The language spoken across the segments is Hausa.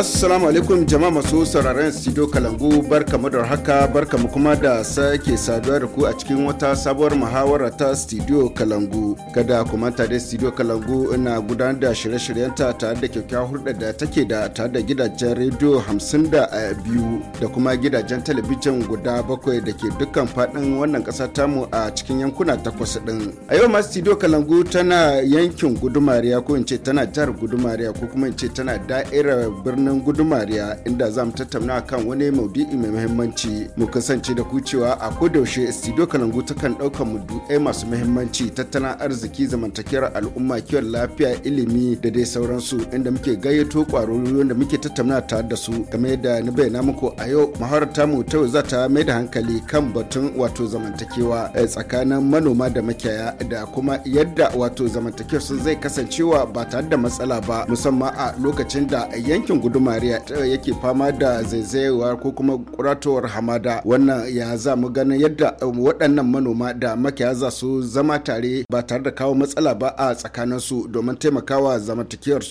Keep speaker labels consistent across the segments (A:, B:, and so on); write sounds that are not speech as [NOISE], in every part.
A: Assalamu alaikum jama'a masu sauraron studio Kalangu mu da haka mu kuma da sake saduwa da ku a cikin wata sabuwar muhawara ta studio Kalangu. Kada ku manta da studio Kalangu ina gudanar da shirye-shiryenta tare da kyakkyawar hulɗar da take da tare da gidajen rediyo hamsin da eh, biyu da kuma gidajen talabijin guda bakwai da ke dukkan faɗin wannan ƙasa tamu a cikin yankuna takwas ɗin. A yau ma studio Kalangu tana yankin gudumariya ko in ce tana jihar gudumariya ko kuma in ce tana da'irar birnin gudun gudumariya inda za mu tattauna kan wani maudu'i mai muhimmanci mu kasance da ku cewa a kodaushe studio kalangu ta kan ɗaukar maudu'ai masu muhimmanci tattalin arziki zamantakewar al'umma kiwon lafiya ilimi da dai sauransu inda muke gayyato ƙwararrun da muke tattauna tare da su game da na bayyana muku a yau maharata mu ta za ta mai da hankali kan batun wato zamantakewa eh, tsakanin manoma da makiyaya da kuma yadda wato zamantakewa sun zai kasancewa ba tare da matsala ba musamman a lokacin da yankin gudun dumariya eh, yake fama da zaizayewa ko kuma kuratowar hamada wannan ya za mu ganin yadda um, waɗannan manoma da makiyaya za su zama tare ba tare da kawo matsala ba a su domin taimakawa zamantakewar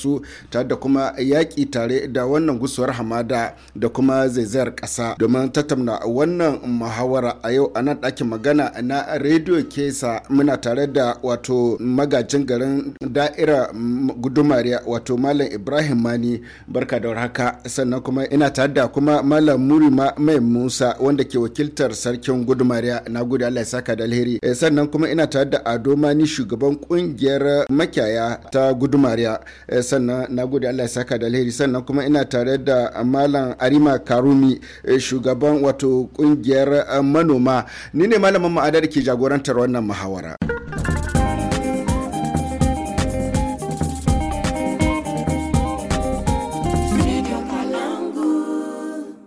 A: tare da kuma yaƙi tare da wannan gusuwar hamada da kuma zaizayar ƙasa domin tattauna wannan muhawara a yau a nan ɗakin magana na rediyo kesa muna tare da wato magajin garin da'ira gudumariya wato malam ibrahim mani barka da haka sannan kuma ina tada kuma malam murima mai musa wanda ke wakiltar sarkin gudumariya na gudu allah ya saka da alheri eh, sannan kuma ina tada da ado mani shugaban kungiyar makiyaya ta gudumariya eh, sannan na gudu allah ya saka da alheri sannan kuma ina tare da malam arima karumi eh, shugaban wato kungiyar manoma ni ne malamin ma'adar ke jagorantar wannan muhawara.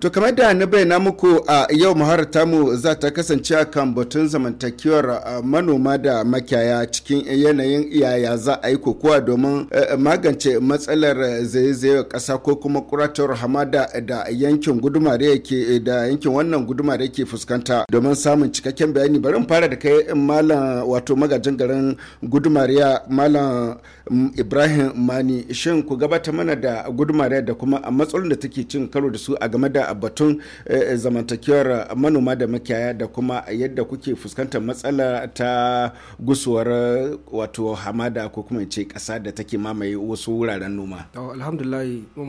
A: To kamar da na bayyana muku a yau muharar mu za ta kasance a kan batun zamantakewar manoma da makiyaya cikin yanayin iyaya za a yi kokowa domin e, e, magance matsalar e, zaizayar ƙasa ko kuma kuratar hamada da yankin gudumare yake da yankin wannan gudumare yake fuskanta domin samun cikakken bayani bari fara da kai malam wato magajin garin gudumariya malam ibrahim mani shin ku gabata mana da gudumare da kuma matsalolin da take cin karo da su a game da batun eh, eh, zamantakewar manoma da makiyaya da kuma yadda kuke fuskantar matsala ta gusuwar wato hamada ko kuma ce kasa da take mamaye wasu wuraren noma
B: alhamdulillah mu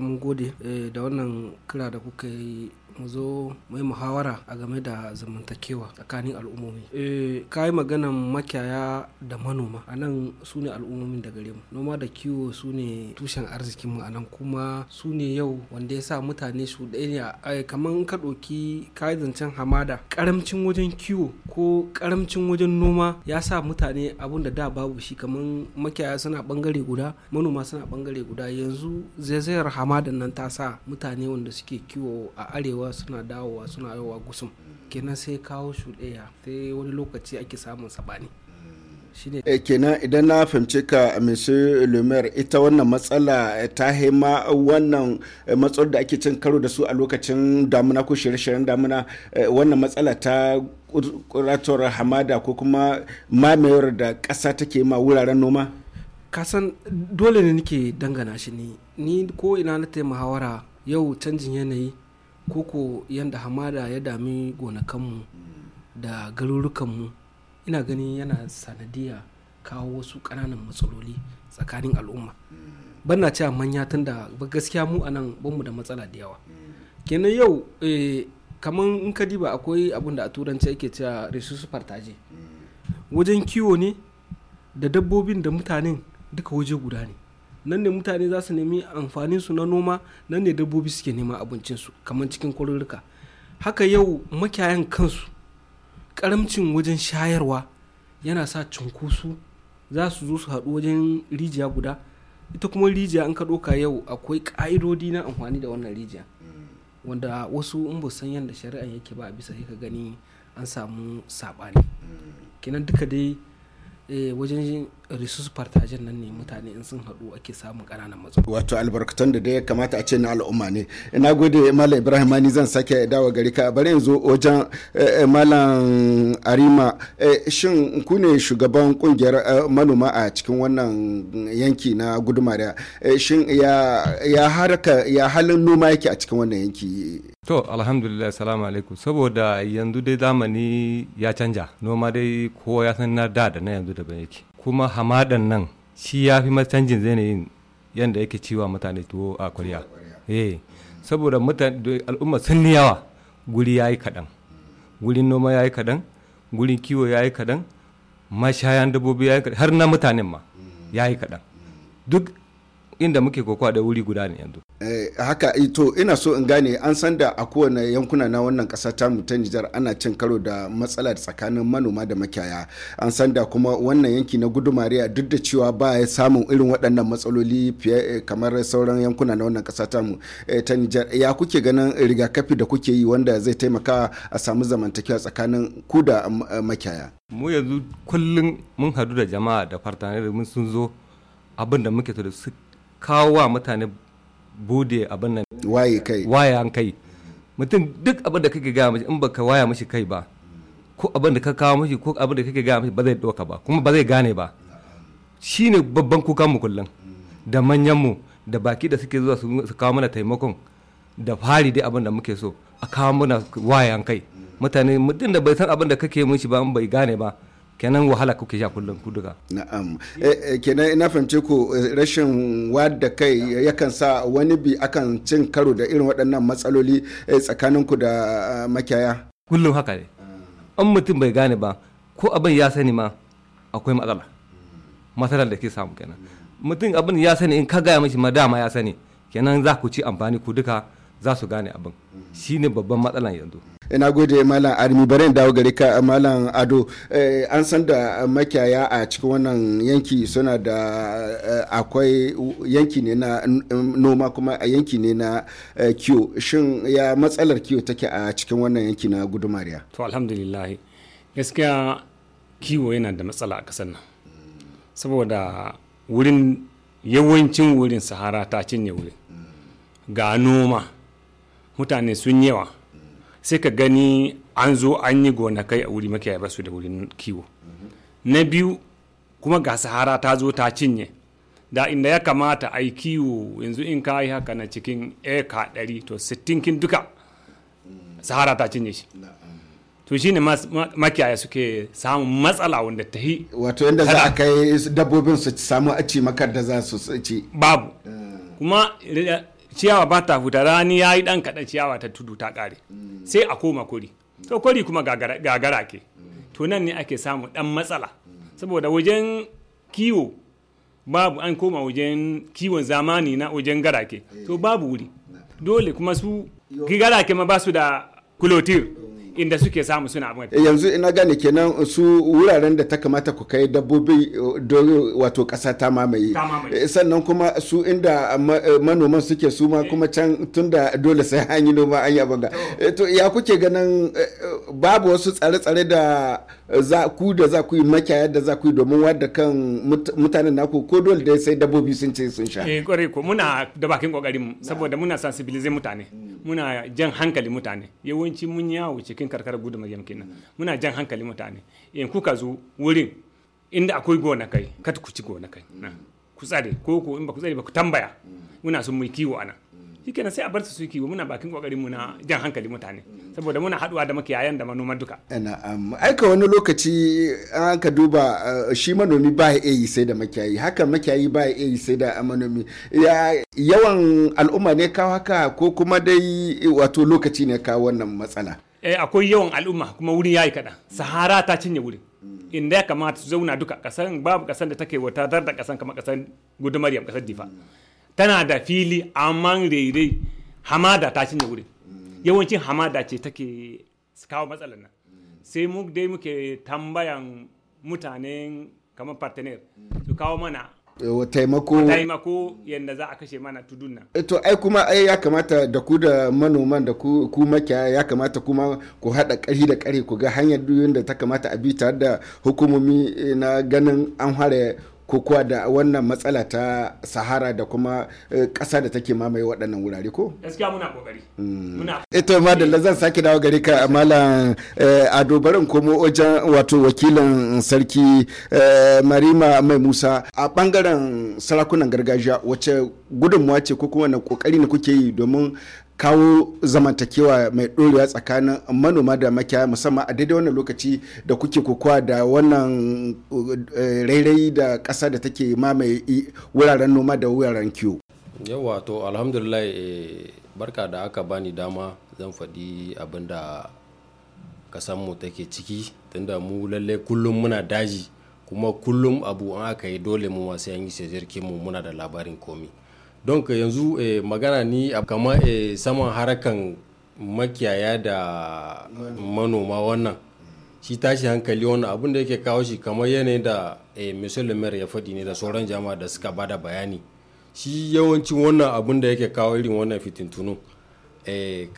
B: mun gode eh, da wannan kira da kuka yi mu zo mai muhawara a game da zamantakewa tsakanin al'ummomi eh. ka yi maganan makiyaya da manoma a nan su ne al'ummomin da gare mu noma da kiwo su ne tushen arzikin mu a nan kuma su ne yau wanda ya sa mutane su ɗaya ne kamar ka ɗauki yi zancen hamada karamcin wajen kiwo ko karamcin wajen noma ya sa mutane abun da da babu shi kamar makiyaya suna bangare guda manoma suna bangare guda yanzu zaizayar hamada nan ta sa mutane wanda suke kiwo a arewa kaiwa suna dawowa suna yawa gusum kenan sai kawo shuɗaya sai wani lokaci ake samun sabani
A: shine eh, kenan idan na fahimci ka monsieur lumer ita wannan matsala eh, ta haima wannan eh, matsalar da ake cin karo da su a lokacin damuna ko shirye-shiryen damuna wannan matsala ta kuratuwar hamada ko kuma mamayar da ƙasa take ma wuraren noma
B: kasan dole ne nike dangana shi ne ni ko ina na taimahawara yau canjin yanayi koko yadda hamada ya dami gonakanmu da garurukanmu ina ganin yana sanadiya kawo wasu ƙananan matsaloli tsakanin al'umma ban na cewa manya tun da gaskiya mu a nan banmu da matsala da yawa kenan yau eh, kamar in ka diba akwai abin da a turanci ake cewa resource partage wajen kiwo ne da dabbobin da mutanen duka waje guda ne nan ne mutane za su nemi amfanin su na noma nan ne dabbobi suke nema abincin su kamar cikin kwarurruka haka yau makiyayan kansu karamcin wajen shayarwa yana sa cunkusu za su zo su haɗu wajen rijiya guda ita kuma rijiya an ka ɗauka yau akwai ƙa'idodi na amfani da wannan rijiya wanda wasu in ba san yadda shari'a yake ba a bisa ka gani an samu saɓani kenan duka dai Eh, wajen resus partajen nan ne mutane in sun haɗu ake samun ƙananan
A: matsaloli. wato albarkatun da dai kamata a ce na al'umma ne na gode malam ibrahim ani zan sake dawo gari ka bari yanzu wajen eh, eh, malam arima shin ku ne shugaban kungiyar manoma a cikin wannan yanki na gudumariya shin ya halin noma yake a cikin wannan yanki
C: To alhamdulillah salamu alaikum saboda yanzu dai zamani ya canja noma dai kowa ya san na da da na yanzu daban yake kuma hamadan nan shi ya fi canjin zanayin yadda yake ciwa mutane tuwo a kwarya eh saboda mutane al'umma sun yawa guri ya yi kaɗan gurin noma ya yi kaɗan gurin kiwo ya yi kaɗan mashayan dabbobi ya yi kaɗan har na mutanen ma ya yi kaɗan duk inda muke kokowa da wuri guda ne yanzu
A: Eh, haka ito eh, ina so in gane an san da a kowane yankuna na wannan kasa ta ta Nijar ana cin karo da matsala tsakanin manoma da makiyaya an san da kuma wannan yanki na gudumariya duk da cewa ba ya samun irin waɗannan matsaloli fiye eh, kamar sauran yankuna na wannan kasa ta ta Nijar ya kuke ganin rigakafi da kuke yi wanda zai taimaka a samu zamantakewa tsakanin ku da mm, makiyaya
C: mu yanzu kullum mun hadu da jama'a da fartanai mun sun zo abin da muke to da su kawo wa mutane bude abin nan waye kai waye an kai mutum duk abin da kake gaya mashi in baka waya mashi kai ba ko abin da ka kawo mashi ko abin da kake gaya mashi ba zai doka ba kuma ba zai gane ba shine babban kukan mu kullum da manyan mu da baki da suke zuwa su kawo mana taimakon da fari dai abin da muke so a kawo mana waya an kai mutane mutum da bai san abin da kake mashi ba in bai gane ba kenan wahala kuke sha kullum ku duka na'am
A: eh, eh, kenan ina fahimce ku eh, rashin wadda kai yakan sa wani bi akan cin karo da irin waɗannan matsaloli tsakaninku da
C: makiyaya kullum haka ne an mutum bai gane ba ko abin ya sani ma akwai matsala matsalar da ke samu kenan mutum abin ya sani in ka gaya mashi ma dama ya sani kenan za ku ci amfani ku duka za su gane abin shine babban matsalan yanzu
A: ina eh, gode malam armi bari dawo gari ka malam ado eh, an san da makiyaya a cikin wannan yanki suna da eh, akwai yanki ne na noma kuma a yanki ne na kiwo shin ya matsalar kiwo take a cikin
D: wannan yanki na gudumariya to alhamdulillah gaskiya kiwo yana da matsala a kasar nan saboda wurin yawancin wurin sahara ta cinye wurin ga noma mutane sun yawa sai ka gani an zo an yi gonakai a wuri makiyaya ba su da wurin kiwo na biyu kuma ga sahara ta zo ta cinye da inda ya kamata a yi kiwo yanzu in ka yi haka na cikin eka ɗari to sittinkin duka sahara ta cinye shi to shine makiyaya suke samun matsala wanda ta yi wato yadda za a
A: kai dabbobin su samu aci makar da za su ci babu eh.
D: kuma eh, ciyawa ba ta huta rani ya yi ɗan kaɗan ciyawa ta tudu ta ƙare mm. sai a koma kuri mm. to kori kuma gagara ke mm. to nan ne ake samu ɗan matsala saboda wajen kiwo babu an koma wajen kiwon zamani na wajen garake to eh. babu wuri dole kuma su garake ma ba su da kulotir inda suke samu suna abin eh, yanzu
A: ina gane kenan su wuraren da ta kamata ku kai dabbobi eh, wato ƙasa ta mamaye eh, sannan kuma su inda manoman suke su ma kuma can tunda dole sai an yi noma an yi ga to ya kuke ganin babu wasu tsare-tsare da za ku da za ku yi makiyaya da za ku yi domin wadda kan mutanen naku ko dole dai sai dabbobi sun ce sun sha
D: eh kwarai ko muna da bakin kokarin saboda muna sensibilize mutane muna jan hankali mutane yawanci mun yawo cikin cikin karkarar gudu maryam kenan muna jan hankali mutane in kuka zo wurin inda akwai gonakai kada ku ci gonakai ku tsare ko ko in ba ku tsare ba ku tambaya muna sun mai kiwo anan shikenan sai a bar su su kiwo muna bakin kokarin mu na jan hankali mutane saboda muna haduwa da makiyayan da manoman duka
A: na'am aika wani lokaci an ka duba eh, shi manomi ba ya yi sai da makiyayi haka makiyayi ba ya yi sai da manomi yawan al'umma ne kawo haka ko kuma dai wato lokaci ne kawo wannan matsala
D: Eh, akwai yawan al'umma kuma wurin yayi kaɗan sahara ta cinye wurin inda ya kamata su zauna duka kasan babu kasan da take wata dar da kasan kamar kasan gudumaryam kasan difa tana da fili amma rere hamada ta cinye wuri yawancin hamada ce take kawo matsalar nan sai mu dai muke tambayan mutanen kamar partenaire su kawo mana taimako taimako yadda za a kashe mana tudun nan
A: eh, to ai kuma ai ya kamata da ku da manoman da ku makiya ya kamata kuma ku haɗa ƙari da ƙari ku ga hanyar da ta kamata a bi tare da hukumomi eh, na ganin an hare ko kuwa da wannan matsala ta sahara da kuma eh, ƙasa da take mamaye waɗannan wurare ko
D: gaskiya muna kokari ito
A: hmm. eh, ma da zan sake dawo gari ka malam eh, a dobarin komo wajen wato wakilin sarki marima mai musa a ɓangaren sarakunan gargajiya wacce gudunmuwa ce ko kuma na kokari ne kuke yi domin kawo zamantakewa mai ɗorewa tsakanin manoma da makiyaya musamman a daidai wannan lokaci da kuke kokowa da wannan eh, rairayi da ƙasa da take mamaye wuraren noma da wuraren kiwo
E: yawa to alhamdulillah eh, barka da aka bani dama zan faɗi abin da mu take ciki tunda mu lallai kullum muna daji kuma kullum abu an aka yi dole mu masu yi sezirkin mu muna da labarin komi don eh, yanzu eh, magana ni a kama eh, saman harakan makiyaya da manoma wannan shi tashi hankali wannan abin da yake kawo shi kamar yanayin da eh, maire ya faɗi ne da sauran jama'a da suka bada bayani shi yawancin wannan abin da yake kawo irin wannan fitintunu eh,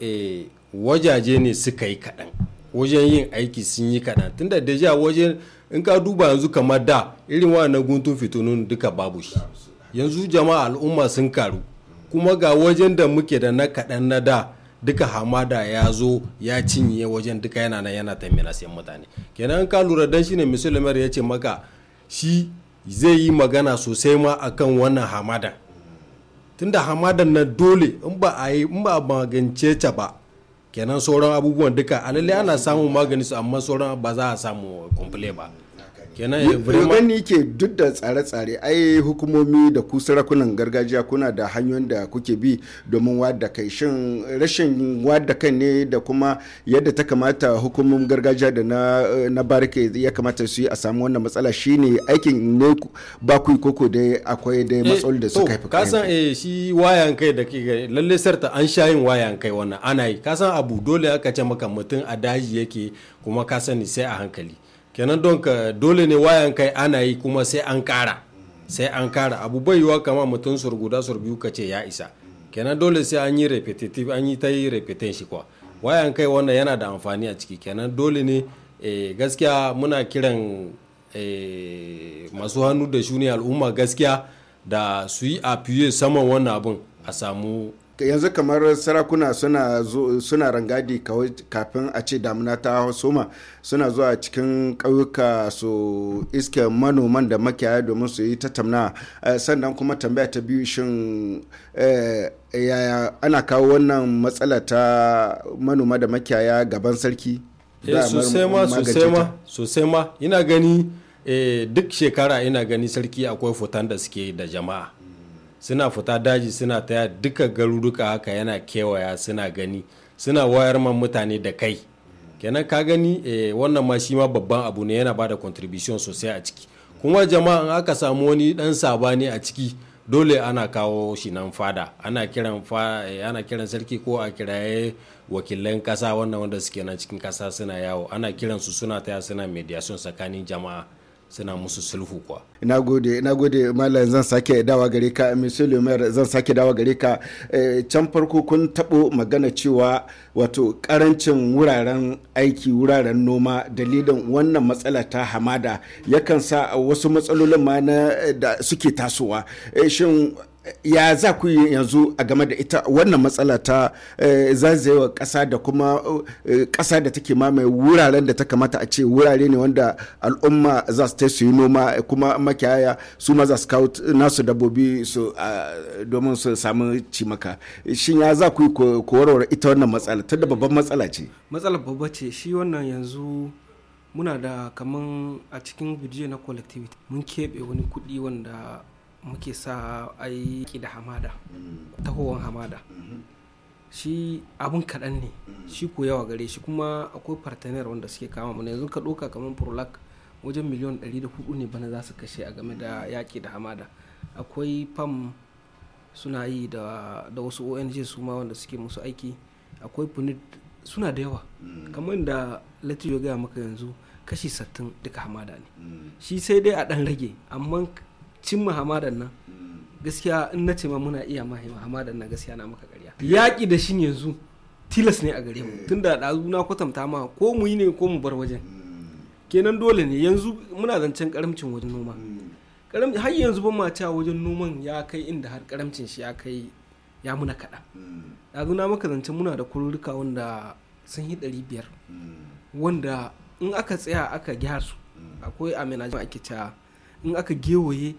E: eh, wajaje ne suka yi kaɗan wajen yin aiki sun yi kaɗan tunda da wajen in ka duba yanzu kamar da irin wannan guntun fitinun duka babu shi yanzu jama'a al'umma sun karu kuma ga wajen da muke da na kaɗan na da duka hamada ya zo ya cinye wajen duka yana nan yana taimina sayan mutane kenan ka lura dan shine musulmar ya ce maka shi zai yi magana sosai ma akan wannan hamada tunda hamada na dole in ba a yi in ba a magance ta ba kenan sauran abubuwan duka alalle ana samun magani su amma sauran ba za a samu kumfule ba kenan
A: gani ke duk da tsare-tsare ai hukumomi da ku sarakunan gargajiya kuna da hanyoyin da kuke bi domin wada kai shin rashin wada kai ne da kuma yadda ta kamata hukumomin gargajiya da na na barke ya kamata su yi a samu wannan matsala shine aikin ne ba ku koko da akwai dai eh, matsaloli da suka haifi ka san
E: eh shi wayan kai da kike lalle sarta an sha yin wayan kai wannan ana yi ka san abu dole aka ce maka mutum a daji yake kuma ka sani sai a hankali kenan don ka dole ne wayan kai ana yi kuma sai an kara sai an kara abu bai yiwa kama mutum sur guda sur biyu ka ce ya isa kenan dole sai an yi repetitive an yi ta yi repetition shi kuwa wayan kai wannan yana da amfani a ciki kenan dole ne e, gaskiya muna kiran eh, masu hannu da shuni al'umma gaskiya da su yi afiye saman wannan abun a samu
A: yanzu kamar sarakuna suna suna rangadi kafin a ce damuna ta soma suna zuwa cikin ƙauyuka su iske manoman da makiyaya domin su yi tamna eh, sannan kuma tambaya ta biyu shin eh, yaya ana kawo wannan matsala ta manoma da makiyaya gaban sarki eh, sosai ma
E: sosai gani duk shekara ina gani sarki akwai fotan da suke da jama'a suna fita daji suna taya duka garuruka haka yana kewaya suna gani suna wayar man mutane da kai kenan ka gani eh, wannan ma shi ma babban abu ne yana bada contribution sosai a ciki kuma jama'a aka samu wani dan sabani a ciki dole ana kawo shi nan fada ana kiran eh, ana kiran sarki ko a kiraye wakilan kasa wannan wanda suke nan cikin kasa suna yawo ana kiran su suna taya suna mediation tsakanin jama'a
A: suna musu sulhu kuwa. Ina gode, ina gode Malam zan sake dawa gare ka, Misali zan sake dawa gare ka. Eh, can farko kun taɓo magana cewa wato ƙarancin wuraren aiki wuraren noma dalilin wannan matsala ta hamada yakan sa wasu matsalolin ma na eh, da suke tasowa. Eh, shin ya za ku yi yanzu a game da ita wannan matsala ta eh, zazayewa ƙasa da kuma eh, ƙasa da take mamaye wuraren da ta kamata a ce wurare ne wanda al'umma za su su yi noma eh, kuma makiyaya su ma za su kawo nasu dabbobi su ah, domin su samu cimaka shin ya za ku yi warware ita wannan matsala ta da babban matsala ce
B: matsala babba ce shi wannan yanzu muna da kaman a cikin na collectivity mun keɓe wani kuɗi wanda muke sa aiki da hamada mm. tahowar hamada mm-hmm. shi abun kaɗan ne mm. shi ko yawa gare shi kuma akwai partenaire wanda suke kama mana yanzu ka ɗauka kamar prolac wajen miliyan hudu ne bana za su kashe a game da yaƙi da hamada akwai fam suna yi da, wasu ong su ma wanda suke musu aiki akwai punit suna da yawa mm. kamar da ya gaya maka yanzu kashi sattin duka hamada ne shi sai dai a ɗan rage amma cimma hamadan nan gaskiya in na ce ma muna iya mahi hamadan nan gaskiya na maka karya yaƙi da shi yanzu tilas ne a gare mu hmm. tunda ɗazu na kwatanta ma ko mu yi ne ko mu bar wajen hmm. kenan dole ne yanzu muna zancen karamcin wajen noma hmm. har yanzu ban ma cewa wajen noman ya kai inda har karamcin shi ya kai ya muna kaɗan ɗazu na maka zancen muna da kururruka wanda sun yi ɗari biyar wanda in aka tsaya aka gyara su akwai amina ake cewa in aka gewaye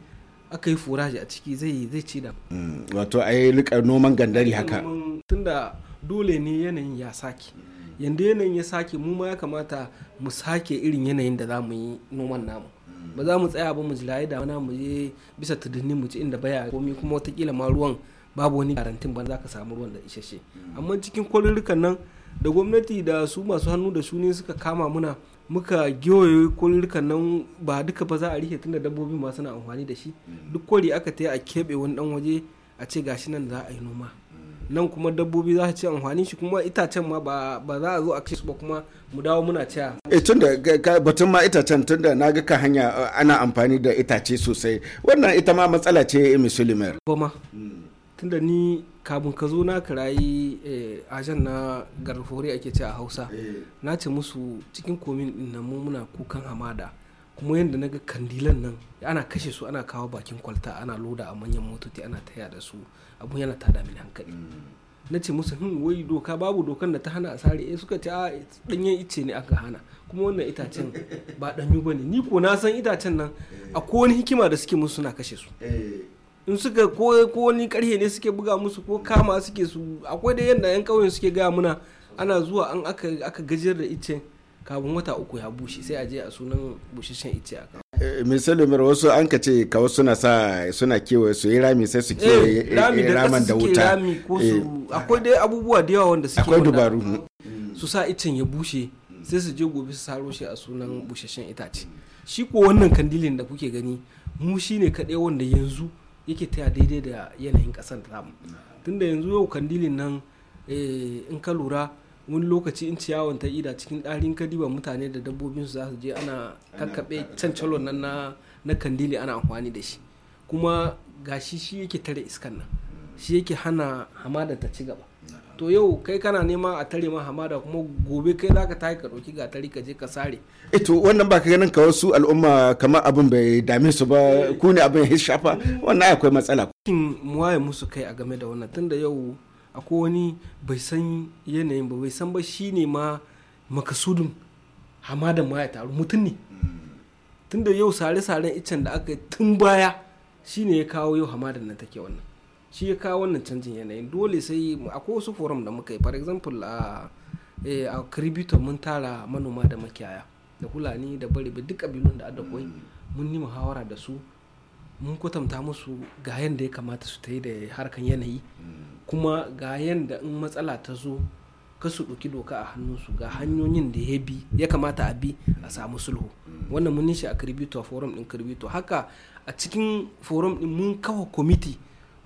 B: aka yi furaji a ciki zai zai ci da
A: mm, wato a yi rika noman gandari haka
B: tunda dole ne yanayin ya sake yanda yanayin ya sake mu ma ya kamata mu sake irin yanayin da za mu yi noman namu ba za mu tsaya ba mu jilaye da wani mu je bisa tudunni mu ci inda baya komi kuma watakila ma ruwan babu wani garantin ba za ka samu ruwan da isasshe amma cikin kwalurukan nan da gwamnati da su masu hannu da shuni suka kama muna muka giyoyi kolirkan nan ba duka ba za a rike tunda dabbobi ma suna amfani da shi mm. duk kori aka ta a keɓe wani dan waje a ce gashi nan za a yi noma mm. nan kuma dabbobi za su ci amfani shi kuma itacen ma ba za a zo a ce su ba kuma mu dawo muna ciya.
A: e eh, tunda batun ma itacen tunda na ga ka hanya ana amfani da itace sosai wannan ita ma matsala ce ba ma
B: mm. tunda ni kabin ka zo na kirayi eh, ajan na garfori ake ce a hausa eh. na ce musu cikin komin din nan muna kukan hamada kuma yadda na ga kandilan nan ana kashe su ana kawo bakin kwalta ana loda a manyan motoci ana taya da su abun yana ta damin hankali mm. na ce musu hin hmm, wai doka babu dokan da ta hana a sare eh suka ce a ah, danyen ice ne aka hana kuma wannan itacen ba danyu ba ne ni ko na san itacen nan eh. akwai wani hikima da suke musu suna kashe su in suka ko ni karhe ne suke buga musu ko kama suke su akwai da yadda yan kauyen suke gaya muna ana zuwa an aka gajiyar da ice kafin wata uku ya bushe sai a je a sunan busheshen ice a kawo
A: eh, misali umar wasu an ka ce kawo suna sa suna kewaye su yi rami sai su kewaye eh, eh, rami da wuta
B: akwai dai abubuwa da yawa wanda suke akwai dubaru su sa icen ya bushe sai su je gobe su saro shi a sunan busheshen itace shi ko wannan kandilin da kuke gani mu shine kaɗai wanda yanzu yake taya daidai da yanayin ƙasar ta tun tunda yanzu yau kandilin nan eh, in ka lura wani lokaci in ciyawan ta ida cikin ɗarin kadiba mutane da dabbobin su za su je ana kakkaɓe calon nan na na kandili ana amfani da shi kuma gashi shi yake tare iskan nan shi yake hana hamada ta ci gaba to yau kai kana nema a tare ma hamada kuma gobe kai zaka tayi ka dauki gatari ka je ka sare
A: eh to wannan ba ka ganin ka wasu al'umma kamar abin bai dame su ba ku ne abin ya shafa wannan akwai matsala
B: kin muwaye musu kai a game da wannan tunda yau akwai wani bai san yanayin ba bai san ba shine ma makasudin hamadan ma ya taru mutum ne tunda yau sare-saren iccen da aka yi tun baya shine ya kawo yau hamadan nan take wannan shi ya kawo wannan canjin yanayin dole sai akwai wasu forum da muka yi for example a eh, a kribito mun tara manoma da makiyaya da fulani da baribe duk kabilun da koi mun yi muhawara da su mun kwatanta musu ga yadda ya kamata su ta yi da harkan yanayi kuma ga yadda in matsala ta zo ka su ɗauki doka a hannunsu ga hanyoyin da ya bi ya kamata a bi a samu sulhu wannan mun shi a a forum ɗin kirbito haka a cikin forum ɗin mun kawo kwamiti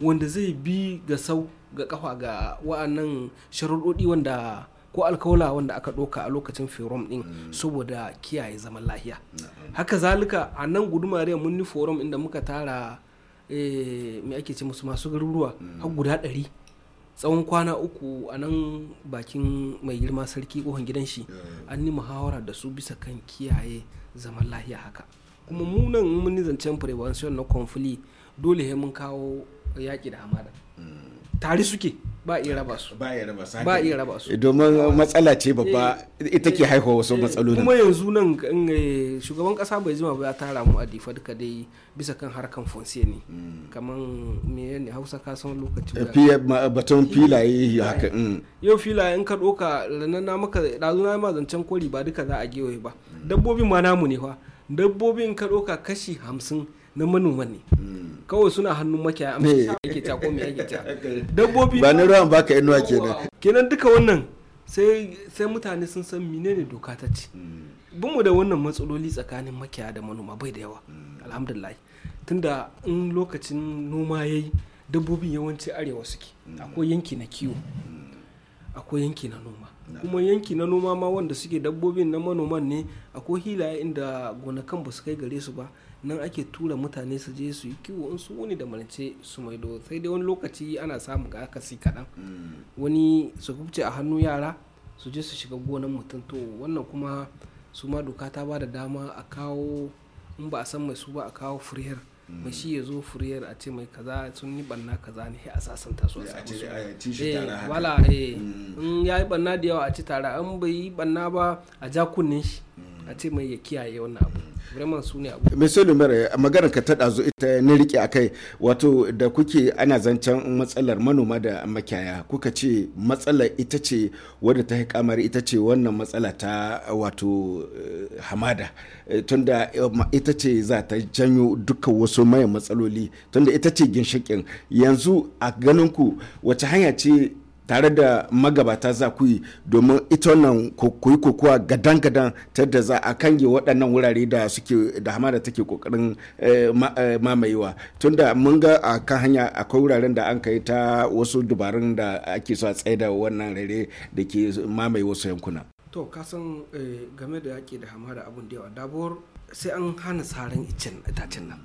B: wanda zai bi ga sau ga kafa ga wa'annan sharuɗoɗi wanda ko alkawla wanda aka ɗauka a lokacin forum ɗin mm. saboda kiyaye zaman lahiya haka zalika a nan gudumariya mun ni forum inda muka tara eh, me ake ce musu masu garuruwa mm. har guda ɗari tsawon kwana uku a nan bakin mai girma sarki kohon gidan shi an yi muhawara da su bisa kan kiyaye zaman lahiya haka kuma mu nan mun zancen prevention na conflict dole mun kawo yaƙi da hamada tare suke ba iya raba su ba iya raba su ba iya raba su eh,
A: domin matsala ce babba eh, ita ke eh, haifa wasu matsalolin kuma
B: yanzu nan shugaban kasa bai zama ba ya tara mu a difa duka dai bisa kan harkan fonse ne hmm. kaman me ne hausa ka san lokacin
A: da batun filaye haka hmm.
B: yau filaye in ka doka ranar na maka dazu na ma zancen kori ba duka za a gewaye ba dabbobin ma namu ne fa dabbobin ka doka kashi hamsin na manoman ne kawai suna hannun makiya amma yake ta ko me yake ta [LAUGHS] dabbobi ba ni ruwan
A: baka inuwa kenan
B: kenan duka wannan sai mutane sun san menene doka ta ce hmm. bin mu da wannan matsaloli tsakanin makiyaya da manoma bai da yawa hmm. alhamdulillah tunda in lokacin noma yayi dabbobin yawanci arewa suke hmm. akwai yanki na kiwo akwai yanki na noma kuma yanki na noma ma wanda suke dabbobin na manoman ne akwai hila inda gonakan ba su kai gare su ba nan ake tura mutane su je su yi kiwo in su wuni da mance su maido sai dai wani lokaci ana samun ga akasi kaɗan mm. wani su kubce a hannu yara su je su shiga gonan mutum to wannan kuma su ma doka ta ba da dama a kawo in ba a san mai su ba a kawo furiyar mai shi ya zo furiyar a ce mai kaza sun yi banna kaza ne a sasanta su a samu eh, wala eh. mm. in ya yi banna da yawa a ci tara an bai yi banna ba a ja kunnen shi mm. a ce mai ya kiyaye wannan abu vraiment su ne abu mai sai
A: lumar magana ka ta ɗazu ita ne rike a kai wato da kuke ana zancen matsalar manoma da makiyaya kuka ce matsalar ita ce wadda ta yi kamar ita ce wannan matsala ta wato eh, hamada eh, tunda eh, ita ce za ta janyo duka wasu mayan matsaloli tunda ita ce ginshikin yanzu a ganin ku wace hanya ce tare da magabata za ku yi domin ita wannan ku yi kokowa gadan-gadan ta da za a kange waɗannan wurare da suke da hamada take kokarin eh, eh, mamayewa tunda mun ga a kan hanya akwai wuraren da an kai ta wasu dubarun da ake so a tsaida wannan rere da ke mamaye wasu yankuna
B: to kasan eh, game da yaƙi da hamada abun da yawa dabuwar sai an hana saran itacen nan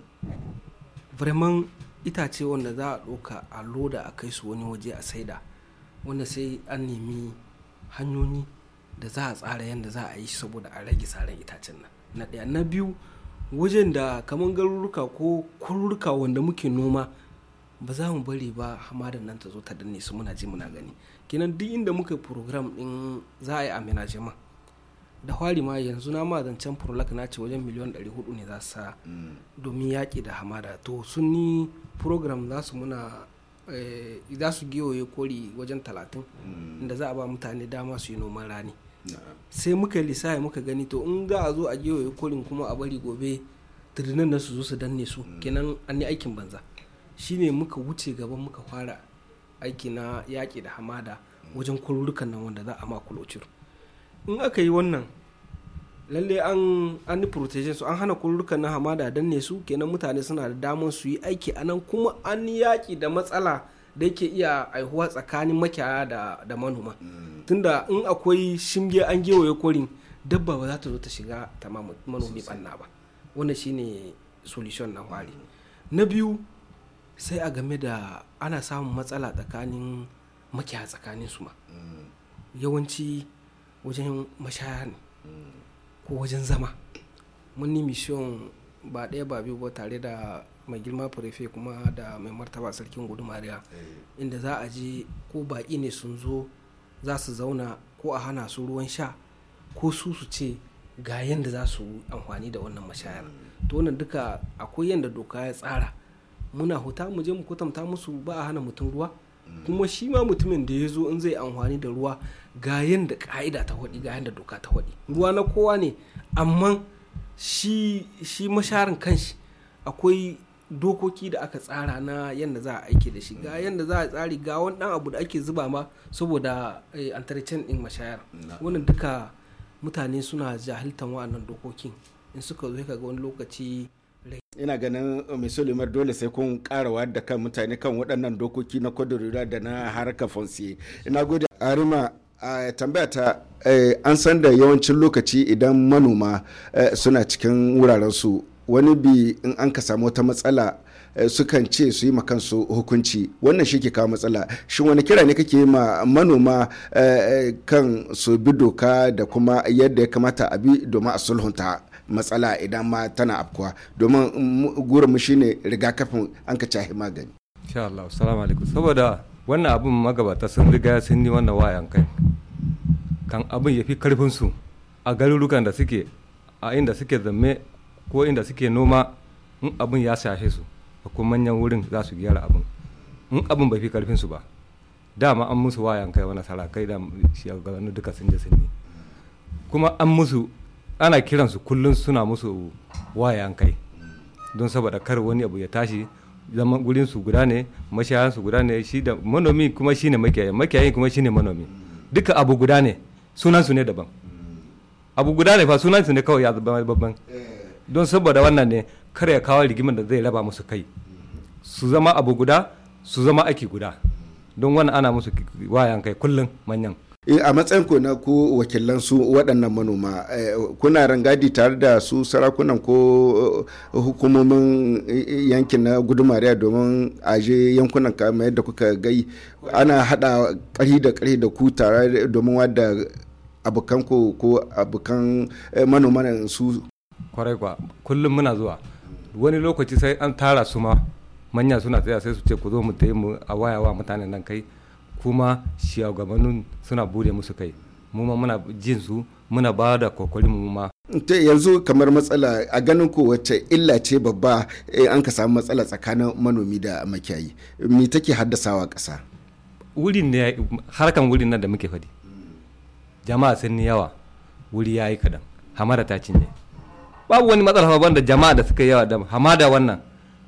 B: vraiment itace wanda za a ɗauka a loda a kai su wani waje a saida wanda sai an nemi hanyoyi da za a tsara yadda za a yi shi saboda a rage saran itacen nan na ɗaya na biyu wajen da kamar garuruka ko kururuka wanda muke noma ba za mu bari ba hamadan nan ta zo ta danne su muna ji muna gani kenan duk inda muka yi program din za a yi amina da hwari ma yanzu na can prolak na ce wajen miliyan 400 ne za su sa mm. domin yaƙi da hamada to sun ni program za su muna Eh, za su giyoye kori wajen talatin hmm. da za a ba mutane dama su yi noman rani sai muka lissafi muka gani to in za a zo a giyoye korin kuma a bari gobe turinan na su zo su danne su hmm. kenan an yi aikin banza shine muka wuce gaban muka fara aiki na yaƙi da hamada hmm. wajen kwarurukan nan wanda za a ma in aka yi wannan lalle an an protection su an hana kururrukan na hamada dan ne su kenan mutane suna da damar su yi aiki anan kuma an yaki da matsala da yake iya aihuwa tsakanin makiyaya da, da manoma mm. tunda in akwai shinge an gewaye korin dabba ba za ta zo ta shiga ta manomi banna ba wannan shine solution na wari na biyu sai a game da ana samun matsala tsakanin makiyaya tsakanin su ma mm. yawanci wajen mashaya ne mm. ko wajen zama mun yi mission ba ɗaya ba biyu ba tare da mai girma furefe kuma da mai martaba sarkin gudu mariya eh. inda za a je ko baƙi ne sun zo za su zauna ko a hana su ruwan sha ko su su ce ga yadda za su amfani da wannan mashayar hmm. to wannan duka akwai yadda doka ya tsara muna huta mu je mu kwatanta musu ba a hana mutum ruwa hmm. kuma shi ma mutumin da ya zo in zai amfani da ruwa ga da ka'ida ta hudi ga yadda doka ta hudi ruwa na kowa ne amma shi shi masharin kanshi akwai dokoki da aka tsara na yadda za a aiki da shi ga yadda za a tsari ga wani dan abu da ake zuba ma saboda eh, antarcin din mashayar wani duka mutane suna jahiltan wa'annan dokokin in suka zo ga wani lokaci
A: ina ganin misolumar eh, dole sai kun karawa da kan mutane kan waɗannan dokoki na kwadurura da na harkar fonsiye ina gode arima a tambaya ta eh, an san da yawancin lokaci idan manoma eh, suna cikin wurarensu wani bi in an ka samu wata matsala eh, sukan ce su yi kansu hukunci wannan shi ke kawo matsala shin wani kira ne kake ma manoma kan su bi doka da kuma yadda ya kamata a bi domin a sulhunta matsala idan ma tana afkuwa domin gurinmu shine rigakafin an ka cahi magani.
C: insha Allah saboda wannan abin magabata sun riga sun yi wannan wayan kai kan abin ya fi karfinsu a garurukan da suke a inda suke zamme ko inda suke noma in abin ya shafe su a kuma manyan wurin za su gyara abin in abin bai fi karfinsu ba dama an musu wayan kai wani sarakai da shi duka sun je sun yi kuma an musu ana kiransu kullum suna musu wayan kai don saboda kar wani abu ya tashi zama gurin su guda ne mashayan su guda ne shi da manomi kuma shine makiyayi makiyayi kuma shine manomi duka abu guda ne sunan su ne daban abu guda ne fa sunan su ne kawai ya zama babban don saboda wannan ne kar ya kawo rigimin da zai raba musu kai su zama abu guda su zama aiki guda don wannan ana musu wayan kai kullum manyan
A: Eh, a matsayin ku na ku wakilan su waɗannan manoma eh, kuna rangadi tare da su sarakunan ko eh, hukumomin yankin na gudumariya domin aje yankunan kamar yadda kuka gai ana hada ƙari da ƙari da ku tare domin wadda abokan ko ko abokan manoma su
C: kwarai kwa kullum muna zuwa wani lokaci sai an tara su ma manya suna tsaya sai su ce ku zo mu taimu a wayawa mutanen nan kai kuma shugabannin suna bude musu kai mu ma muna jin su muna ba da kokarin mu ma
A: te yanzu kamar matsala a ganin ko wacce illa ce babba eh, an ka samu matsala tsakanin manomi da makiyayi me take haddasawa ƙasa
C: wurin ne harkan wurin nan da muke faɗi jama'a sun ni yawa wuri yayi kadan hamada ta cinye babu wani matsala ban da jama'a da suka yawa da hamada wannan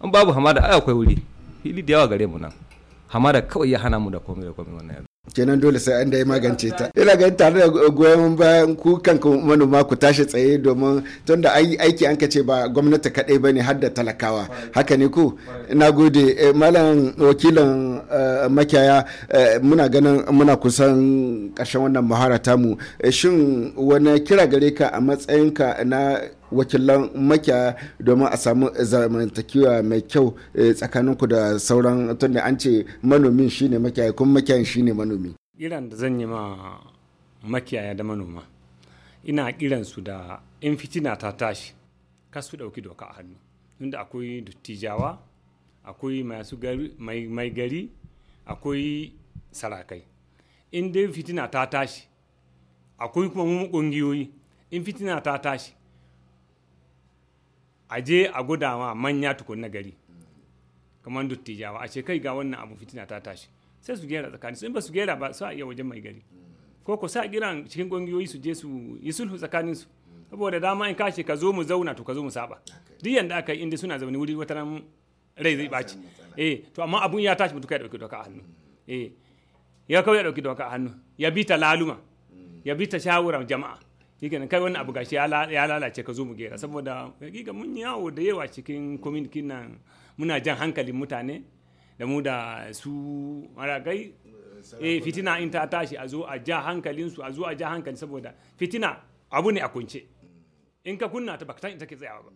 C: in babu hamada ai akwai wuri fili da yawa gare mu nan hamada kawai ya hana mu da komai da komai wannan
A: kenan dole sai an da ya magance ta ina ganin tare da goyon bayan ku kanka manoma ku tashi tsaye domin tun aiki an ce ba gwamnati kaɗai ba ne har da talakawa haka ne ku na gode eh, malam wakilan eh, makiyaya eh, muna ganin muna kusan ƙarshen wannan muhara tamu shin wani kira gare ka a matsayinka na wakilan makiya domin a samu zamantakewa mai kyau eh, tsakaninku da sauran tunda an ce manomin shine makiyayi kuma makiyayin shine manomi
D: iran da zan yi ma makiyaya da manoma ina kiran su da in fitina ta tashi kasu su dauki doka a hannu tunda akwai dattijawa akwai masu mai gari akwai sarakai in dai fitina ta tashi akwai kuma mu kungiyoyi in fitina ta tashi a je a ma manya tukunna gari kamar dottijawa a ce kai ga wannan abu fitina ta tashi sai su gera tsakani su in ba su gera ba su a iya wajen mai gari ko ko sa giran cikin kungiyoyi su je su yi sulhu tsakanin su saboda dama in kashe ka zo mu zauna to ka zo mu saba duk yanda aka yi inda suna zaune wuri wata nan rai zai baci eh to amma abun ya tashi mutuka ya dauki doka a hannu eh ya kawai ya dauki doka a hannu ya bi ta laluma hmm. ya bi ta shawara jama'a shikenan kai wannan abu gashi ya lalace ka zo mu gera saboda hakika mun yawo da yawa cikin community nan muna jan hankalin mutane da mu da su maragai eh fitina in ta tashi a zo a ja hankalin su a zo a ja hankali saboda fitina abu ne a kunce in ka kunna ta baka ta take tsayawa ba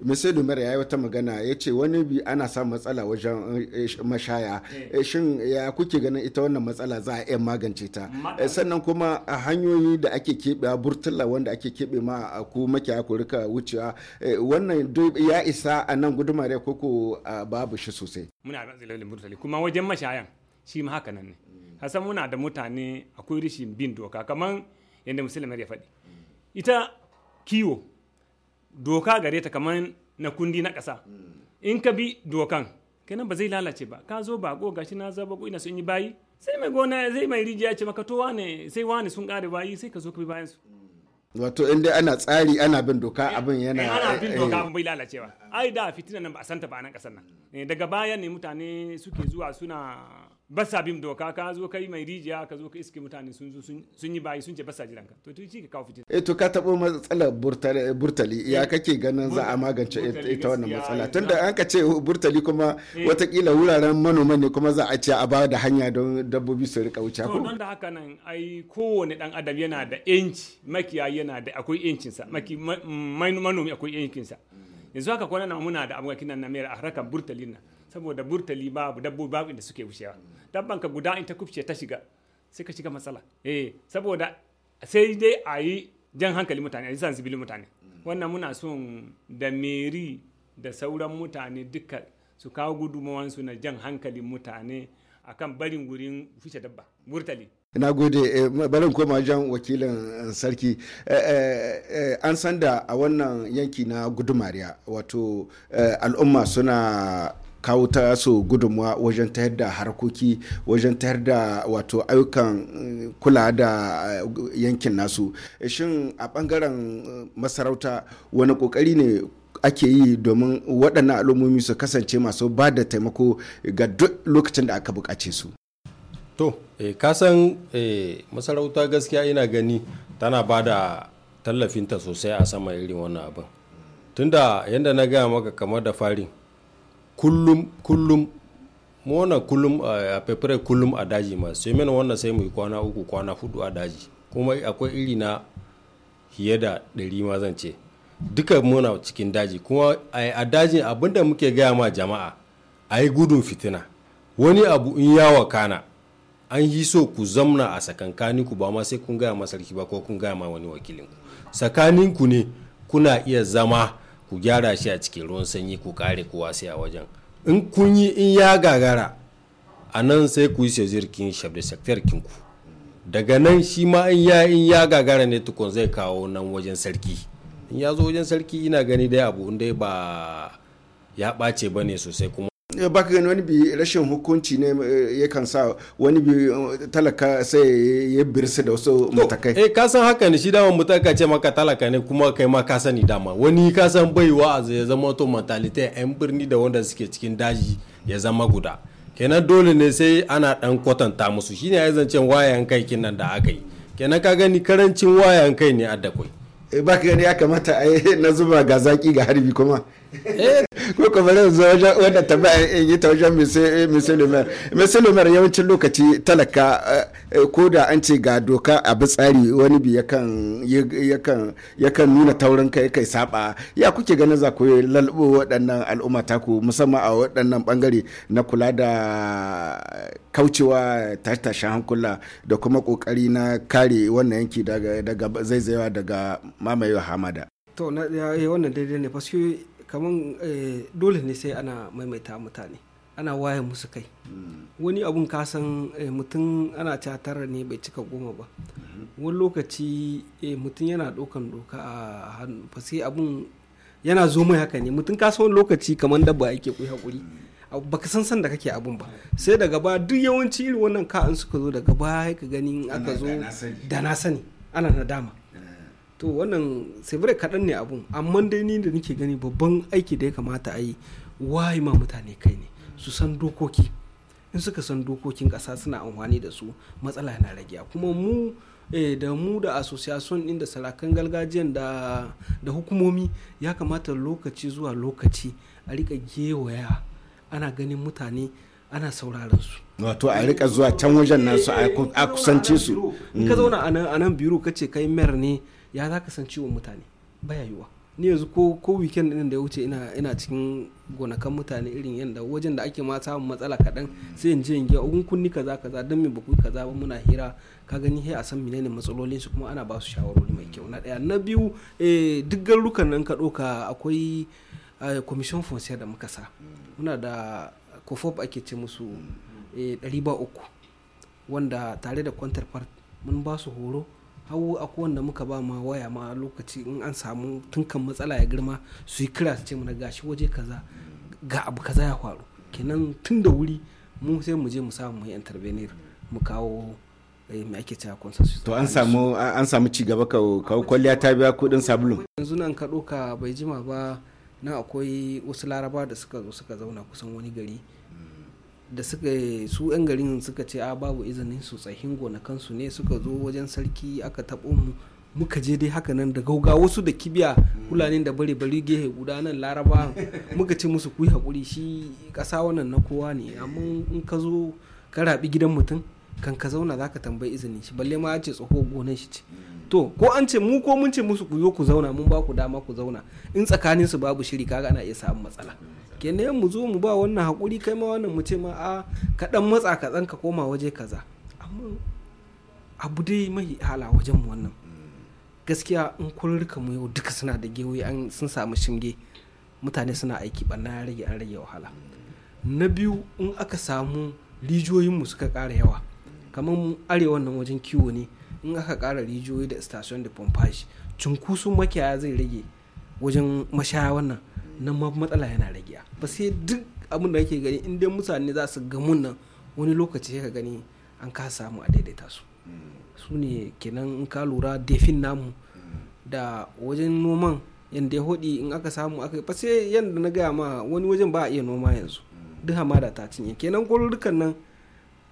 A: Mr. mara ya yi wata magana ya ce wani bi ana samun matsala wajen eh, mashaya eh. Eh, shin ya kuke ganin ita wannan matsala za a iya magance ta sannan kuma a hanyoyi da ake keɓe a burtula wanda ake keɓe ma a ku makiya ku rika wucewa wannan ya isa a nan ya koko babu shi sosai.
D: Muna da matsalolin burtali kuma wajen mashayan shi ma haka nan ne. Hasan hmm. muna da mutane akwai rashin bin doka kamar yadda musulmai ya faɗi. Ita kiwo doka gare ta kamar na kundi na ƙasa in ka bi dokan kenan ba zai lalace ba ka zo bako gashi na zaba ina sun yi bayi sai mai gona zai mai rijiya ce maka to wane sai wane sun kare bayi sai ka zo ka bi bayan su
A: wato inda ana tsari ana bin doka eh, abin yana ana bin eh, doka eh.
D: abin bai lalacewa ai da fitina nan ba a santa ba a nan kasan nan daga baya ne mutane suke zuwa suna ba sa bin doka ka zo kai mai rijiya ka zo ka iske mutane sun zo sun yi bayi sun ce ba sa jiran ka to to shi ka kawo fitina eh to
A: ka tabo matsalar burtali eh, ya eh, kake ganin za a magance ita wannan matsala tunda an ka ce burtali kuma eh. watakila wuraren manoma ne kuma za a ce a ba da hanya don dabbobi su rika wuce ko don
D: da haka nan ai kowane dan adam yana da yanci makiyayi yana da akwai yancinsa maki mm, manomi akwai sa yanzu haka kwana nan muna da abun kinan na mayar a harakan burtalin nan saboda burtali babu dabbobi babu inda suke wucewa dabban ka guda in ta kufce ta shiga sai ka shiga matsala eh saboda sai dai a yi jan hankali mutane a yi sansibilin mutane wannan muna son da meri da sauran mutane duka su kawo gudunmawansu na jan hankalin mutane akan barin gurin fice dabba burtali
A: na gode eh, barin koma jan wakilin eh, sarki eh, an san da a wannan yanki na gudumariya wato al'umma suna kawo ta su gudunmuwa wajen tayar da harkoki wajen tayar da wato ayyukan eh, kula da eh, yankin nasu eh, shin a bangaren masarauta wani kokari ne ake yi domin waɗannan al'ummomi su kasance masu ba da taimako ga duk lokacin da aka buƙace su to
E: e, kasan e, masarauta gaskiya ina gani tana ba da tallafinta sosai a sama irin wannan abin tunda yadda na gaya maka kamar da farin kullum kullum mu wannan kullum a fefere kullum a daji ma sai mana wannan sai mu yi kwana uku kwana hudu a daji kuma akwai iri na fiye da ɗari ma zan ce duka muna cikin daji kuma a daji abinda muke gaya ma jama'a a yi gudun fitina wani abu in yawa kana an yi so ku zamna a sakankani ku ba ma sai kun gaya ma sarki ba ko kun gaya ma wani wakilin ku sakanin ku ne kuna iya zama ku gyara shi a cikin ruwan sanyi ku kare kowa sai a wajen in kun yi in ya gagara a nan sai ku yi sojirkin shabda shaktar kinku daga nan shi ma in ya in ya gagara ne tukun zai kawo nan wajen sarki in ya zo wajen sarki ina gani dai abu dai ba ya ɓace ba ne sosai kuma
A: Eh, ba gani wani bi rashin hukunci ne eh, ya kan sa wani bi eh, talaka sai ya birsi da wasu matakai eh ka san haka ne shi dama mutaka
E: ce maka talaka ne kuma kai ma ka sani dama wani ka san baiwa a ya zama to mentality yan birni da wanda suke cikin daji ya zama guda kenan dole ne sai ana dan kwatanta musu shine ya zance wayan kai kinan da aka yi kenan ka gani karancin wayan kai ne a
A: ba ka gani ya kamata a na zuba ga zaki ga harbi kuma Eh, ko kamar bari zo wanda ba in yi ta wajen misalumar misalumar yawancin lokaci talaka eh, ko da an ce ga doka a tsari wani bi yakan nuna taurin kai kai saba ya kuke ganin za ku lalbo waɗannan al'umma ku musamman a waɗannan bangare na kula da kaucewa tashi hankula da kuma kokari na kare wannan yanki daga zaizayewa daga mamayewa hamada
B: to na wannan daidai ne fasu kamar eh, dole ne sai ana maimaita mutane ana waye musu kai mm. wani abun kasan eh, mutum ana tara ne bai cika goma ba mm-hmm. wani lokaci eh, mutum yana dokan doka a hannu fasai abun yana zo mai haka ne mutum kasan wani lokaci kamar dabba yake kuyi haƙuri mm. baka san san da kake abun ba sai daga ba duk yawanci irin wannan ka suka zo daga ba ka ganin aka zo da na sani ana dama. to wannan sevire kaɗan ne abun amma dai ni da nake gani babban aiki da ya kamata a yi waye ma mutane kai ne su san dokoki in suka san dokokin ƙasa suna amfani da su matsala na rage kuma mu eh, da mu da association din da sarakan gargajiyan da, da hukumomi ya kamata lokaci zuwa lokaci a rika gewaya ana ganin mutane ana sauraron su
A: wato a rika zuwa can wajen nasu a kusance su ka zauna
B: a nan biro kace kai mer ne ya za ka san ciwon mutane baya yiwuwa ni yanzu ko ko weekend din da ya wuce ina ina cikin gonakan mutane irin yanda wajen da ake ma samun matsala kaɗan sai in je in ga ogun kunni kaza kaza dan me baku kaza ba muna hira ka gani sai a san menene matsalolin su kuma ana basu su shawarwari mai kyau na ɗaya na biyu eh duk garurukan nan ka ɗauka akwai eh, commission foncier da muka sa muna da kofop ake ce musu eh, ɗari ba uku wanda tare da counterpart mun ba su horo hau akwai wanda muka ba ma waya ma lokaci in an samu tunkan matsala ya girma su yi kira su ce mana gashi waje kaza ga abu kaza ya faru kenan tun da wuri mu sai mu je mu samu mu intervenir mu kawo eh, mai ake cewa consensus
A: to an samu ci gaba ka kawo kwalliya ta biya kudin sabulu
B: yanzu nan ka doka bai jima ba na akwai wasu laraba da suka zo suka zauna kusan wani gari da suka su 'yan garin suka ce a babu izinin su tsahin gonakansu ne suka zo wajen sarki aka taɓo mu muka je dai haka nan da gauga wasu da kibiya fulani da bare bari gehe guda nan laraba [LAUGHS] muka ce musu kuyi hakuri shi ƙasa wannan na kowa ne amma in ka zo ka raɓi gidan mutum kan ka zauna za ka tambayi izinin shi balle ma ya ce tsoho gonan shi ce mm. to ko an ce mu ko mun ce musu ku zo ku zauna mun ba ku dama ku zauna in tsakaninsu babu shiri kaga ana iya samun matsala mm. kenan mu zo mu ba wannan haƙuri kai ma wannan mu ce ma a ka matsa ka tsanka koma waje kaza amma abu dai mai hala wajen mu wannan gaskiya in rika mu yau duka suna da gewaye an sun samu shinge mutane suna aiki banna ya rage an rage wahala na biyu in aka samu rijiyoyin mu suka kara yawa kamar arewa nan wajen kiwo ne in aka kara rijiyoyi da station da pompage cunkusun makiyaya zai rage wajen mashaya wannan nan ma matsala yana rage ba sai duk abin da ake gani in dai mutane za su gamu nan wani lokaci ka gani an ka samu a daidaita su hmm. su ne kenan in ka lura defin namu hmm. da wajen noman yadda ya hodi in aka samu aka ba sai yadda na gaya ma wani wajen ba a iya noma yanzu hmm. duk hamada ta cinye kenan dukkan nan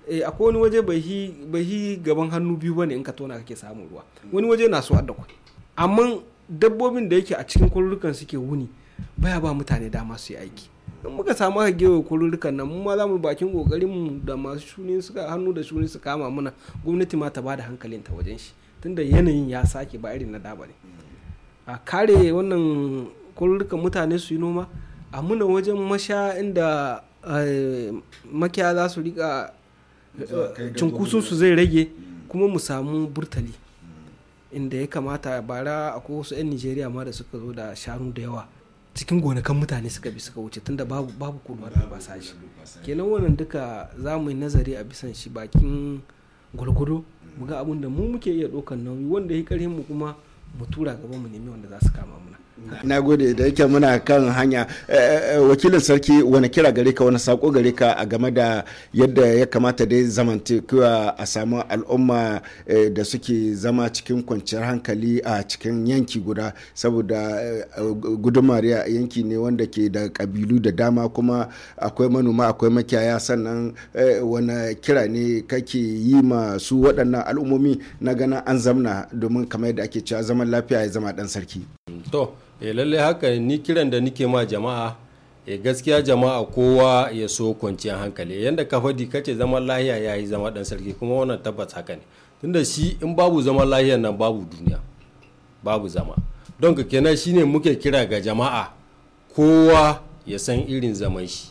B: eh, akwai wani waje bai yi gaban hannu biyu bane in ka tona kake samun ruwa wani waje na so adda kwai amma dabbobin da yake a cikin kwarurukan suke wuni baya ba mutane dama su yi aiki in muka samu aka gewa kururrukan nan mu ma za mu bakin kokarin mu da masu shuni suka hannu da shuni su kama muna gwamnati ma ta bada hankalin ta wajen shi tunda yanayin ya sake ba irin na da ne a kare wannan kururrukan mutane su yi noma a muna wajen masha inda eh, makiya za su rika eh, cunkusun su zai rage kuma mu samu burtali inda ya kamata bara akwai wasu 'yan nigeria ma da suka zo da shanu da yawa cikin gonakan mutane suka bi suka wuce tunda babu babu da ba shi kenan wannan duka za mu yi nazari a bisan shi bakin gwargwado mu ga abin da mu muke iya ɗaukan nauyi wanda ya karhe mu kuma mu tura gaba mu nemi wanda za su kama
A: muna na gode da yake muna kan hanya eh, eh, eh, wakilin sarki wani kira gare ka wani sako gare ka a game da yadda ya kamata dai zamantakewa a samu al'umma da suke zama cikin kwanciyar hankali a cikin yanki guda saboda gudumariya yanki ne wanda ke da kabilu da dama kuma akwai manoma akwai makiyaya sannan wani kira ne kake yi ma su waɗannan al'ummomi na gana an zamna domin kamar yadda ake cewa zaman lafiya ya zama ɗan sarki
E: e lalle haka ni kiran da nike ma jama'a e gaskiya jama'a kowa ya so kwanciyar hankali yadda ka faɗi kace zaman lahiya ya yi zama dan sarki kuma wannan tabbas haka ne tunda shi in babu zaman lahiya nan babu duniya babu zama don ka kenan shine muke kira ga jama'a kowa ya san irin zaman shi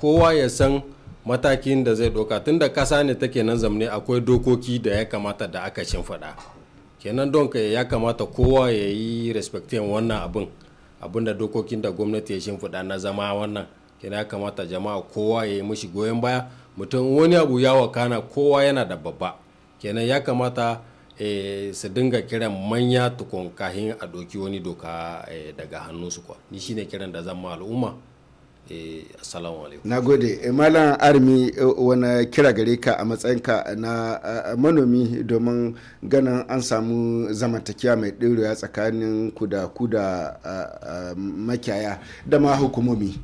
E: kowa ya san matakin da zai ɗauka tunda kasa ne take nan zamne akwai dokoki da ya kamata da aka shimfiɗa kenan don ya kamata kowa ya yi respectin wannan abin abinda dokokin da gwamnati ya shimfiɗa na zama wannan kenan ya kamata jama'a kowa ya yi mishi goyon baya mutum wani abu ya wakana kowa yana da babba kenan ya kamata eh, su dinga kiran manya tukun kahin a doki wani doka eh, daga su kwa ni shine kiran da zan ma al'umma Eh,
A: na gode eh, malam armi eh, wani kira gare ka a matsayinka na manomi domin ganin an samu zamantakiya mai ɗorewa tsakanin kuda kuda makiyaya da ma hukumomi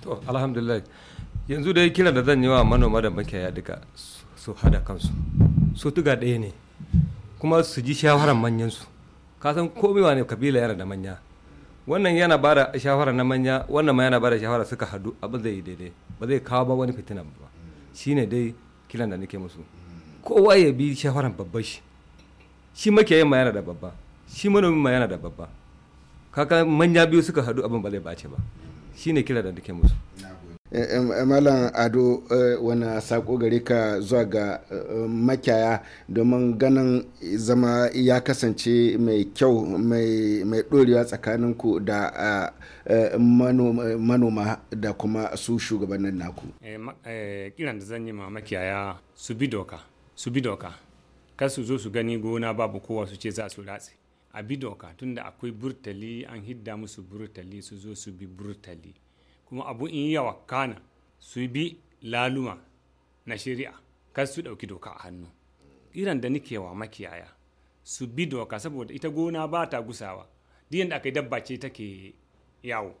C: to alhamdulillah yanzu dai kira da zan yi wa manoma da makiyaya duka su hada kansu su tuga ɗaya ne kuma su ji shawarar manyansu kasan komewa ne kabila yana da manya wannan yana ba da shawara na manya wannan ma yana ba da shawara suka hadu abin zai yi daidai ba zai kawo ba wani fitina ba shine dai kilan da nake musu kowa ya bi shawaran babban shi shi makiyayin ma yana da babba shi manomin ma yana da babba kaka manya biyu suka hadu abin ba zai bace ba shine kilan da nake musu
A: Eh, eh, eh, malam ado wani sako gare ka zuwa ga makiyaya domin ganin zama ya kasance mai kyau mai ɗorewa tsakanin ku da manoma da kuma su shugabannin naku
D: kiran da zan yi ma makiyaya su bi doka su bi doka kar su zo su gani gona babu kowa su ce za su ratse a bi doka tunda akwai burtali an hidda musu burtali su zo su bi burtali kuma abu in yi yawa kana su bi laluma na shari'a kar su ɗauki doka a hannu iran da nike wa makiyaya su bi doka saboda ita gona ba ta gusawa duk yadda aka yi dabba ce take yawo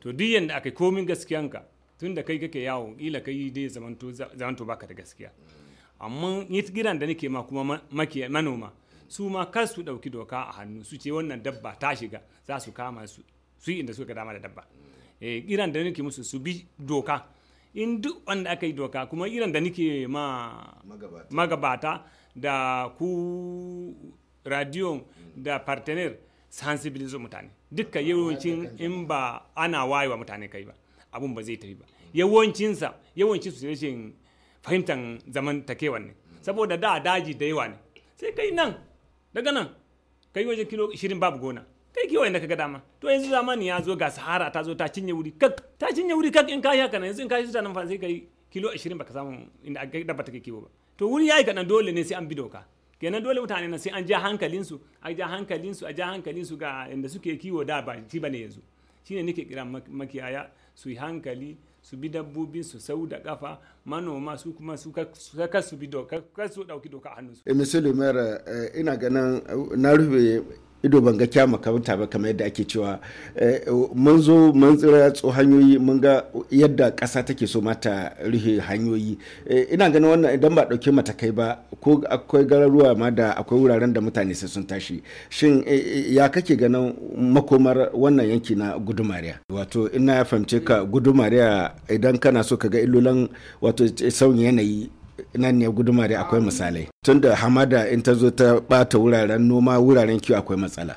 D: to duk yadda aka yi komin gaskiyanka tun da kai kake yawo kila kai dai zamanto baka da gaskiya amma giran da nake ma kuma makiyaya manoma su ma kar su ɗauki doka a hannu su ce wannan dabba ta shiga za su kama su su inda suka dama da dabba Eh, Iran da nake musu su bi doka in duk wanda aka yi doka kuma Iran da nake ma magabata da ku radio da partenaire sensibilizo mutane duka ah, yawancin in ba ana wayewa mutane kai ba abun ba zai tafi ba yawancinsa yawancin su rashin fahimtar zaman takewan ne saboda da daji da yawa ne sai kai nan daga nan kai wajen kilo 20 babu gona ne ke wayanda kaga dama to yanzu zamani ya zo ga sahara ta zo ta cinye wuri kak ta cinye wuri kak in kai haka nan yanzu in kai nan fa kai kilo 20 baka samu inda aka dabba take kiwo ba to wuri yayi kadan dole ne sai an bi doka kenan dole mutane nan sai an ja hankalin su a ja hankalin su a ja hankalin su ga inda suke kiwo da ba shi bane yanzu shine nake kira makiyaya su yi hankali su bi dabbobi su sau da kafa manoma su kuma su kaka su bi doka su dauki doka a hannunsu. Eh,
A: Monsieur le maire eh, ina ganin eh, na rufe ido ban ga kyama kamta ba kamar yadda ake cewa eh, mun zo mun tsira tso hanyoyi mun ga yadda ƙasa take so mata rihe hanyoyi eh, ina ganin wannan idan ba ɗauke kai ba ko akwai gararuwa ma da akwai wuraren da mutane sai sun tashi shin eh, ya kake ganin makomar wannan yanki na gudumariya wato ina ya fahimce ka gudumariya idan kana so ka ga illolan wato sauyin yanayi nan ne guduma dai akwai misalai tunda hamada in ta zo ta bata wuraren noma wuraren kiwo akwai matsala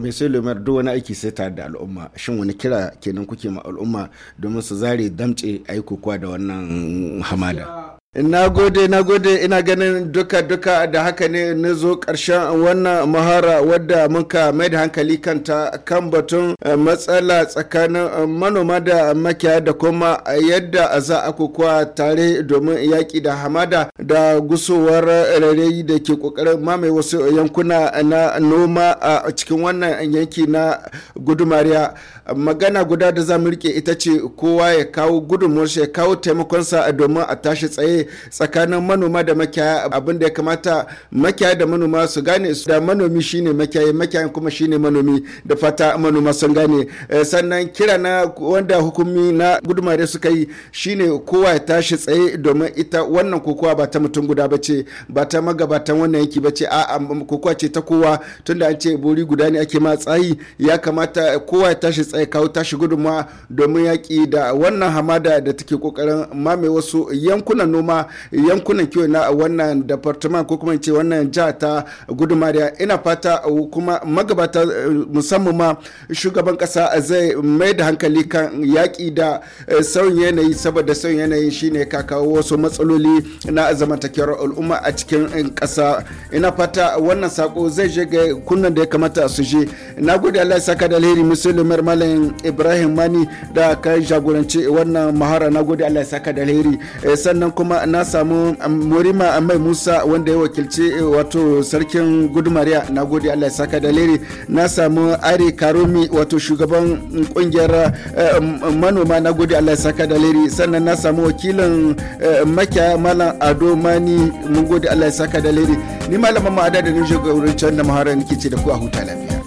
A: mai sai lumar duk wani aiki sai tare da al'umma shin wani kira kenan kuke ma al'umma domin su zare damce ayi kokowa da wannan hamada Na gode, na gode, ina ganin duka-duka da haka ne na zo ƙarshen wannan mahara wadda muka mai da hankali kanta kan batun eh, matsala tsakanin eh, manoma da makiya da kuma yadda za a kukuwa tare domin yaƙi da hamada da gusowar rairayi da ke ƙoƙarin mamaye wasu yankuna na noma a cikin wannan yanki na gudumariya. Magana guda da za mu rike ita ce kowa ya kawo gudunmuwarsa ya kawo taimakonsa domin a tashi tsaye tsakanin manoma da makiyaya abin da ya kamata makiyaya da manoma su gane su da manomi shine makiyayi makiyaya kuma shine manomi da fata manoma sun gane eh, sannan kira na wanda hukumi na gudumare suka yi shine kowa ya tashi tsaye domin ita wannan kokowa ba ta mutum guda ba ce ba ta magabatan wannan yanki ba ce a kokowa ce ta kowa tunda an ce bori guda ne ake ma tsayi ya kamata kowa ya tashi tsaye kawo tashi gudunmawa domin yaƙi da wannan hamada da take kokarin mame wasu yankunan noma kuma yankunan kiwo na wannan department ko kuma ce wannan jiha ta gudumariya ina fata kuma magabata musamman ma shugaban kasa zai mai da hankali kan yaƙi da eh, sauyin yanayi saboda sauyin yanayi shine ka kawo wasu matsaloli na zamantakewar al'umma a cikin eh, kasa ina fata wannan sako zai je ga kunnan da ya kamata su je na gode allah ya saka da alheri musulmar malam ibrahim mani da kayan jagoranci wannan mahara na gode allah ya saka da alheri eh, sannan kuma na samu um, morima amai musa wanda ya wakilci eh, wato sarkin gudumariya na gode allah ya saka da leri na samu ari karumi wato shugaban kungiyar eh, um, manoma na gode allah ya saka da leri sannan na samu wakilin eh, makiya malam ado mani mun gode allah ya saka da leri ni malamin ma'ada da ni can da maharar nake ce da ku a huta lafiya